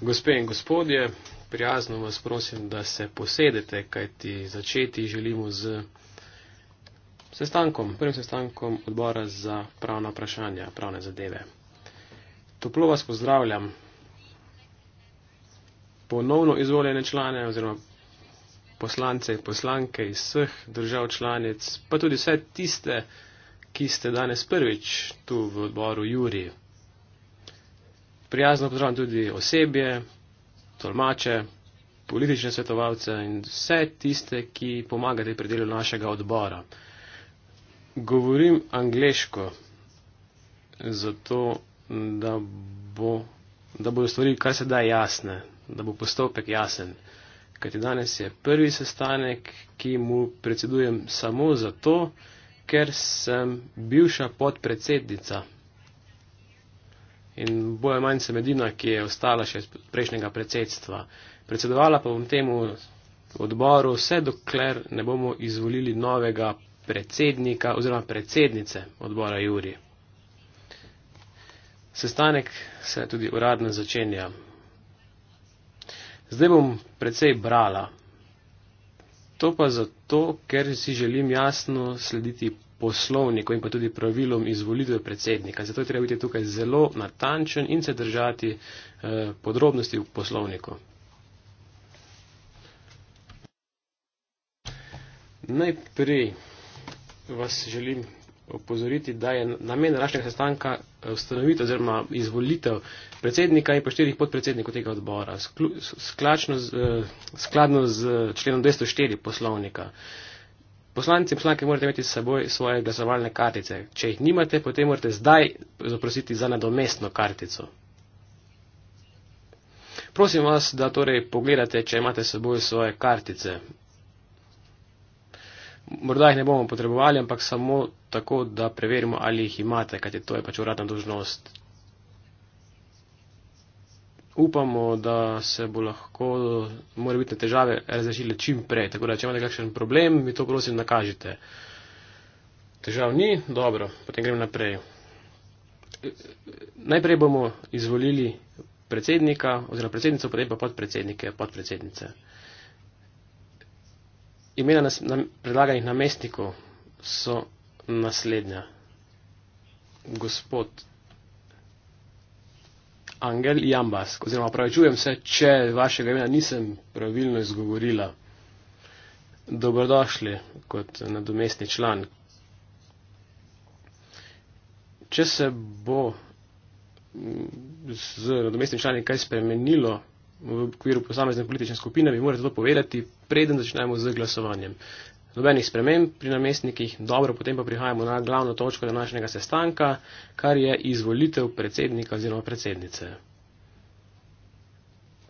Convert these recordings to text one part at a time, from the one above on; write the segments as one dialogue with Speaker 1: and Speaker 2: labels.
Speaker 1: Gospe in gospodje, prijazno vas prosim, da se posedete, kajti začeti želimo z sestankom, prvim sestankom odbora za pravna vprašanja, pravne zadeve. Toplo vas pozdravljam. Ponovno izvoljene člane oziroma poslance in poslanke iz vseh držav članic, pa tudi vse tiste, ki ste danes prvič tu v odboru Juriju prijazno pozdravljam tudi osebje, tolmače, politične svetovalce in vse tiste, ki pomagate pri delu našega odbora. Govorim angliško, zato da, bo, da bodo stvari kar se da jasne, da bo postopek jasen. Kajti danes je prvi sestanek, ki mu predsedujem samo zato, ker sem bivša podpredsednica in bolj ali manj sem edina, ki je ostala še iz prejšnjega predsedstva. Predsedovala pa bom temu odboru vse dokler ne bomo izvolili novega predsednika oziroma predsednice odbora Juri. Sestanek se tudi uradno začenja. Zdaj bom precej brala. To pa zato, ker si želim jasno slediti poslovniku in pa tudi pravilom izvolitve predsednika. Zato je treba biti tukaj zelo natančen in se držati eh, podrobnosti v poslovniku. Najprej vas želim opozoriti, da je namen današnjega sestanka eh, ustanovitev oziroma izvolitev predsednika in pa štirih podpredsednikov tega odbora, eh, skladno z, z členom 204 poslovnika. Poslanci in poslanke morate imeti s seboj svoje glasovalne kartice. Če jih nimate, potem morate zdaj zaprositi za nadomestno kartico. Prosim vas, da torej pogledate, če imate s seboj svoje kartice. Morda jih ne bomo potrebovali, ampak samo tako, da preverimo, ali jih imate, kajti to je pač uradna dožnost upamo, da se bo lahko morebitne težave razrešile čim prej. Tako da, če imate kakšen problem, mi to prosim nakažite. Težav ni, dobro, potem gremo naprej. Najprej bomo izvolili predsednika oziroma predsednico, potem pa podpredsednike, podpredsednice. Imena nas, nam, predlaganih namestnikov so naslednja. Gospod Angel Jambas, oziroma pravičujem se, če vašega imena nisem pravilno izgovorila. Dobrodošli kot nadomestni član. Če se bo mm, z nadomestnim članom kaj spremenilo v okviru posamezne politične skupine, bi morali to povedati, preden začnemo z glasovanjem nobenih sprememb pri namestnikih. Dobro, potem pa prihajamo na glavno točko današnjega sestanka, kar je izvolitev predsednika oziroma predsednice.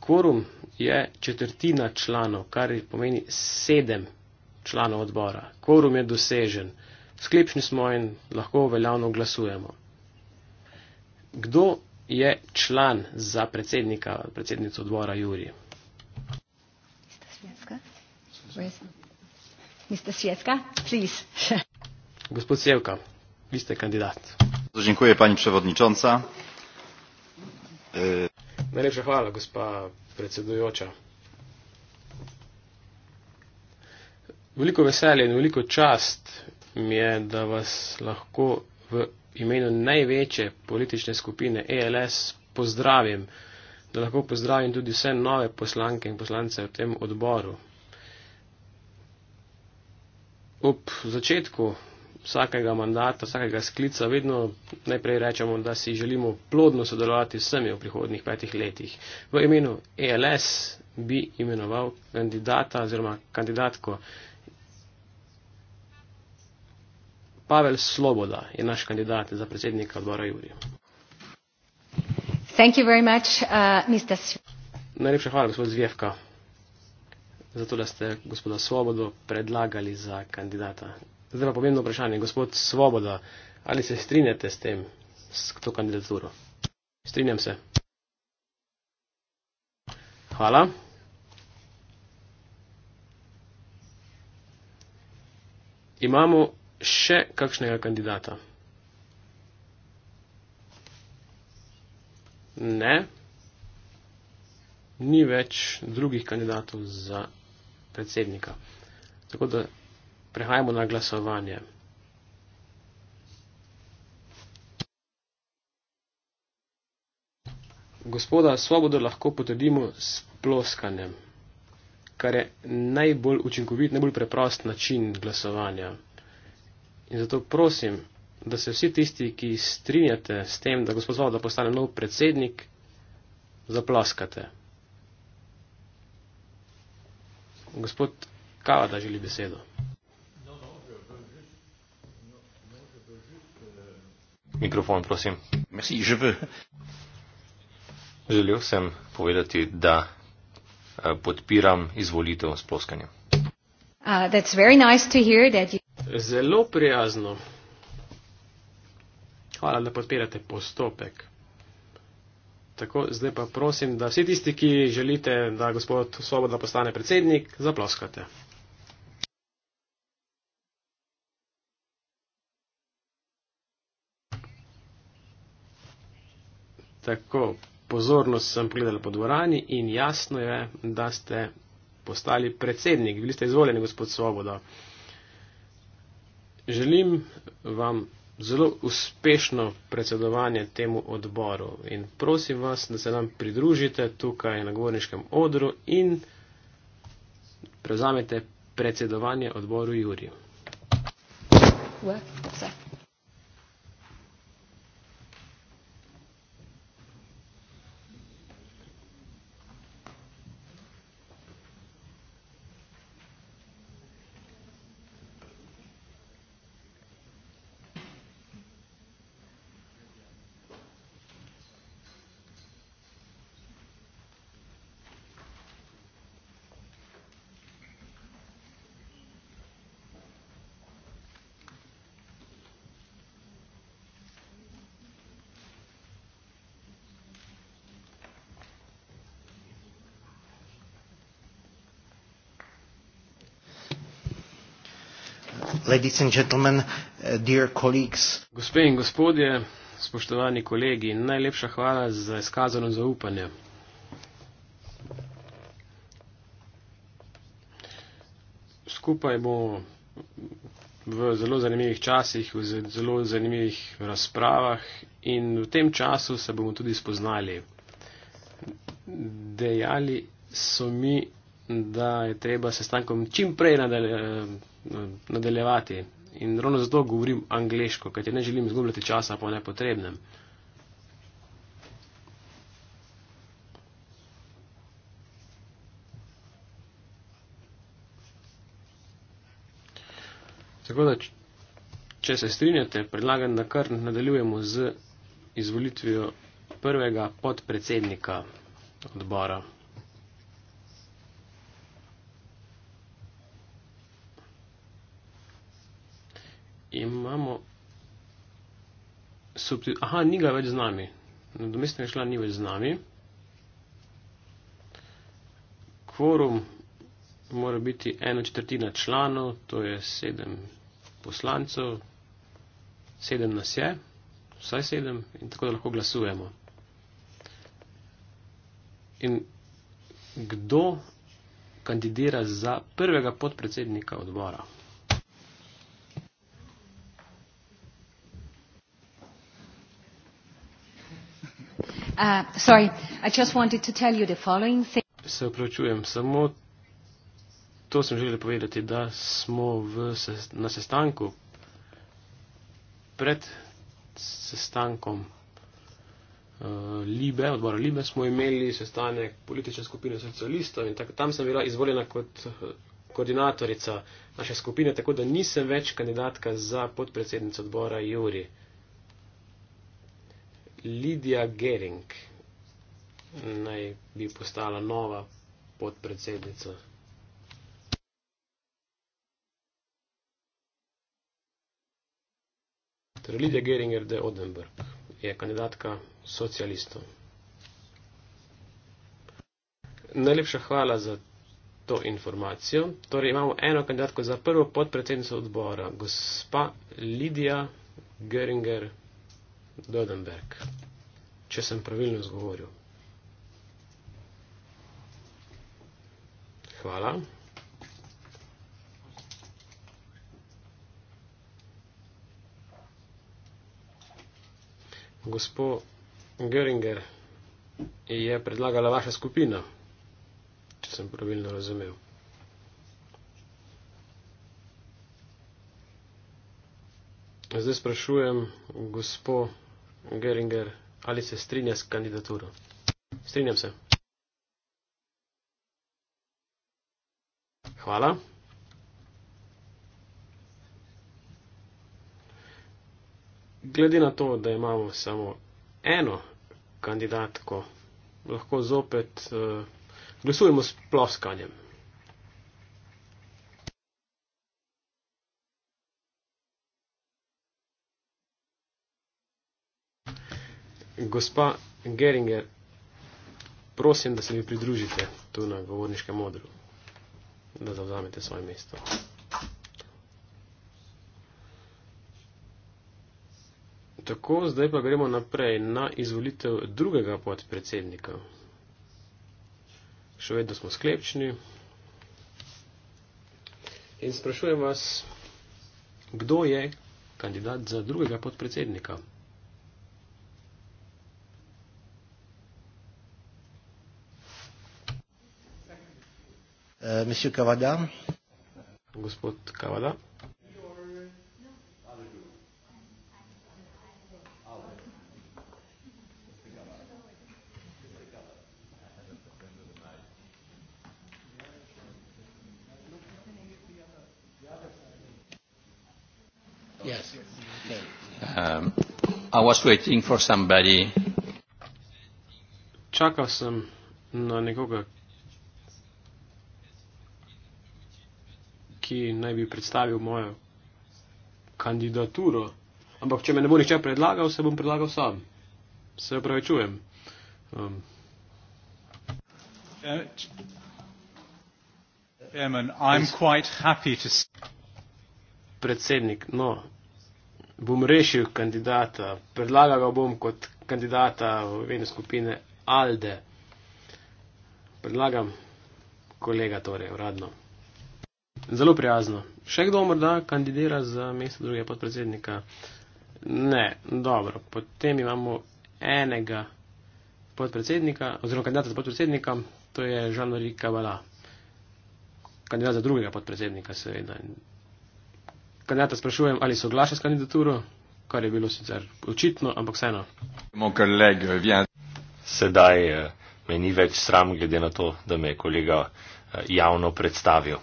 Speaker 1: Kvorum je četrtina članov, kar pomeni sedem članov odbora. Kvorum je dosežen. Sklepšni smo in lahko veljavno glasujemo. Kdo je član za predsednika, predsednico odbora Juri? Ste ženska? Jaz sem. Mr. Sietka, please. Gospod Sietka, vi ste kandidat. Dziękuję pani przewodnicząca. E, Najlepša hvala, gospa predsedujoča. Veliko veselje in veliko čast mi je, da vas lahko v imenu največje politične skupine ELS pozdravim, da lahko pozdravim tudi vse nove poslanke in poslance v tem odboru ob začetku vsakega mandata, vsakega sklica, vedno najprej rečemo, da si želimo plodno sodelovati s vsemi v prihodnih petih letih. V imenu ELS bi imenoval kandidata oziroma kandidatko. Pavel Sloboda je naš kandidat za predsednika odbora Juri. Uh, Najlepša hvala, gospod Zvjevka zato da ste gospoda Svobodo predlagali za kandidata. Zdaj pa pomembno vprašanje, gospod Svoboda, ali se strinjate s tem, s to kandidaturo? Strinjam se. Hvala. Imamo še kakšnega kandidata? Ne. Ni več drugih kandidatov za predsednika. Tako da prehajamo na glasovanje. Gospoda, svobodo lahko potrdimo s ploskanjem, kar je najbolj učinkovit, najbolj preprost način glasovanja. In zato prosim, da se vsi tisti, ki strinjate s tem, da gospod Svoboda postane nov predsednik, zaploskate. Gospod Kavada želi besedo. Mikrofon, prosim. Merci, je veux. Želel sem povedati, da eh, podpiram izvolitev s ploskanjem. Uh, nice you... Zelo prijazno. Hvala, da podpirate postopek. Tako, zdaj pa prosim, da vsi tisti, ki želite, da gospod Svoboda postane predsednik, zaploskate. Tako, pozorno sem pogledala po dvorani in jasno je, da ste postali predsednik. Bili ste izvoljeni, gospod Svoboda. Želim vam zelo uspešno predsedovanje temu odboru in prosim vas, da se nam pridružite tukaj na govorniškem odru in prevzamete predsedovanje odboru Juriju. Work, Ladies and gentlemen, uh, dear colleagues. Gospe in gospodje, spoštovani kolegi, najlepša hvala za izkazano zaupanje. Skupaj bomo v zelo zanimivih časih, v zelo zanimivih razpravah in v tem času se bomo tudi spoznali. Dejali so mi, da je treba sestankom čimprej nadaljevati. Eh, nadaljevati. In ravno zato govorim angliško, ker ne želim izgubljati časa po nepotrebnem. Tako da, če se strinjate, predlagam, da kar nadaljujemo z izvolitvijo prvega podpredsednika odbora. subtil, aha, ni ga več z nami. Nadomestna je šla, ni več z nami. Kvorum mora biti ena četrtina članov, to je sedem poslancev, sedem nas je, vsaj sedem in tako da lahko glasujemo. In kdo kandidira za prvega podpredsednika odbora? Uh, sorry, I just wanted to tell you the following thing. Se vključujem samo. To sem želel povedati, da smo v, na sestanku pred sestankom uh, Libe, odbora Libe, smo imeli sestanek politične skupine socialistov in tak, tam sem bila izvoljena kot uh, koordinatorica naše skupine, tako da nisem več kandidatka za podpredsednico odbora Juri. Lidija Gering naj bi postala nova podpredsednica. Torej, Lidija Geringer de Odenberg je kandidatka socialistov. Najlepša hvala za to informacijo. Torej, imamo eno kandidatko za prvo podpredsednico odbora, gospa Lidija Geringer Dodenberg, če sem pravilno zgovoril. Hvala. Gospod Göringer je predlagala vaša skupina, če sem pravilno razumel. Zdaj sprašujem gospod Geringer, ali se strinja s kandidaturo? Strinjam se. Hvala. Glede na to, da imamo samo eno kandidatko, lahko zopet uh, glasujemo s ploskanjem. Gospa Geringer, prosim, da se mi pridružite tu na govorniškem modru, da zavzamete svoje mesto. Tako, zdaj pa gremo naprej na izvolitev drugega podpredsednika. Še vedno smo sklepčni. In sprašujem vas, kdo je kandidat za drugega podpredsednika? Eh, monsieur Kavada. Gospod Kavada. Um, I was waiting for somebody. Čakal sem na nekoga, in naj bi predstavil mojo kandidaturo. Ampak, če me ne bo nihče predlagal, se bom predlagal sam. Se upravičujem. Um. Uh, Chairman, I'm quite happy to predsednik, no, bom rešil kandidata, predlagal ga bom kot kandidata v ene skupine ALDE. Predlagam kolega torej uradno. Zelo prijazno. Še kdo morda kandidira za mesto drugega podpredsednika? Ne, dobro. Potem imamo enega podpredsednika, oziroma kandidata za podpredsednika, to je Jean-Marie Cavala. Kandidat za drugega podpredsednika, seveda. Kandidata sprašujem, ali soglaša s kandidaturo, kar je bilo sicer očitno, ampak vseeno. Sedaj eh, me ni več sram, glede na to, da me je kolega eh, javno predstavil.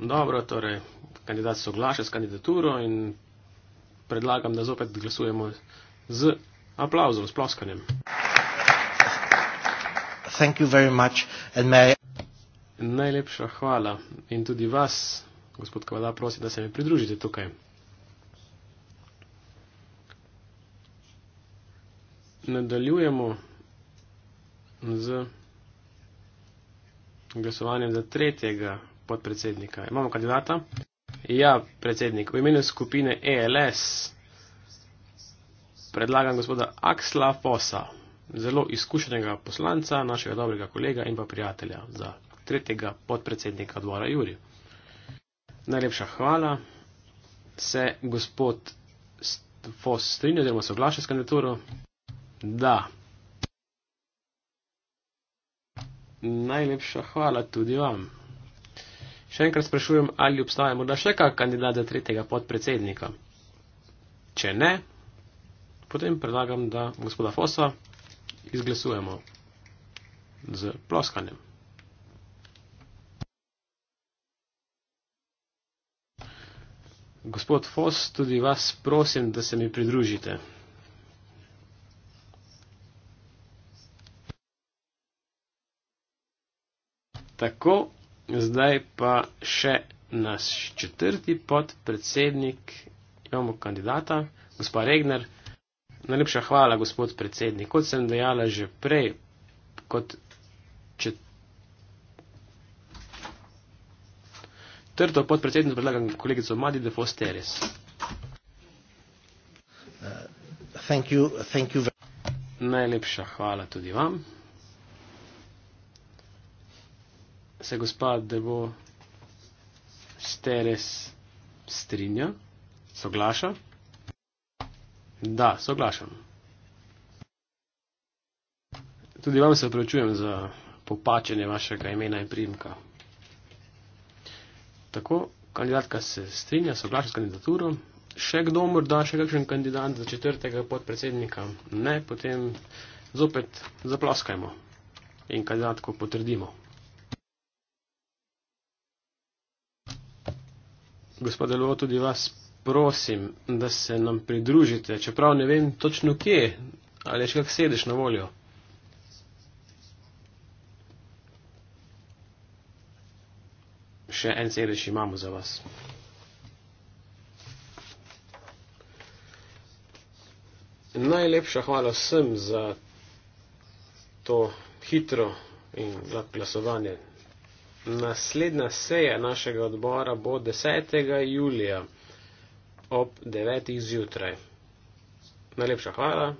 Speaker 1: Dobro, torej kandidat se oglaša s kandidaturo in predlagam, da zopet glasujemo z aplauzom, s ploskanjem. Najlepša hvala in tudi vas, gospod Kavada, prosim, da se mi pridružite tukaj. Nadaljujemo z glasovanjem za tretjega podpredsednika. Imamo kandidata? Ja, predsednik. V imenu skupine ELS predlagam gospoda Aksla Fosa, zelo izkušenega poslanca, našega dobrega kolega in pa prijatelja za tretjega podpredsednika odbora Juri. Najlepša hvala. Se gospod Fos strinja, oziroma soglaša s kandidaturo? Da. Najlepša hvala tudi vam. Še enkrat sprašujem, ali obstaja morda še kak kandidat za tretjega podpredsednika. Če ne, potem predlagam, da gospoda Fosa izglasujemo z ploskanjem. Gospod Fos, tudi vas prosim, da se mi pridružite. Tako, Zdaj pa še naš četrti podpredsednik, imamo kandidata, gospod Regner. Najlepša hvala, gospod predsednik. Kot sem dejala že prej, kot četrto podpredsednik predlagam kolegico Madi de Fosteres. Uh, thank you, thank you. Najlepša hvala tudi vam. se gospa Devo Steres strinja, soglaša. Da, soglašam. Tudi vam se opravičujem za popačenje vašega imena in primka. Tako, kandidatka se strinja, soglaša s kandidaturo. Še kdo morda, še kakšen kandidat za četrtega podpredsednika? Ne, potem zopet zaploskajmo in kandidatko potrdimo. gospod Delovo, tudi vas prosim, da se nam pridružite, čeprav ne vem točno kje ali še kak sedeš na voljo. Še en sedež imamo za vas. Najlepša hvala vsem za to hitro in glasovanje Naslednja seja našega odbora bo 10. julija ob 9. zjutraj. Najlepša hvala,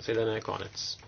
Speaker 1: sedaj je konec.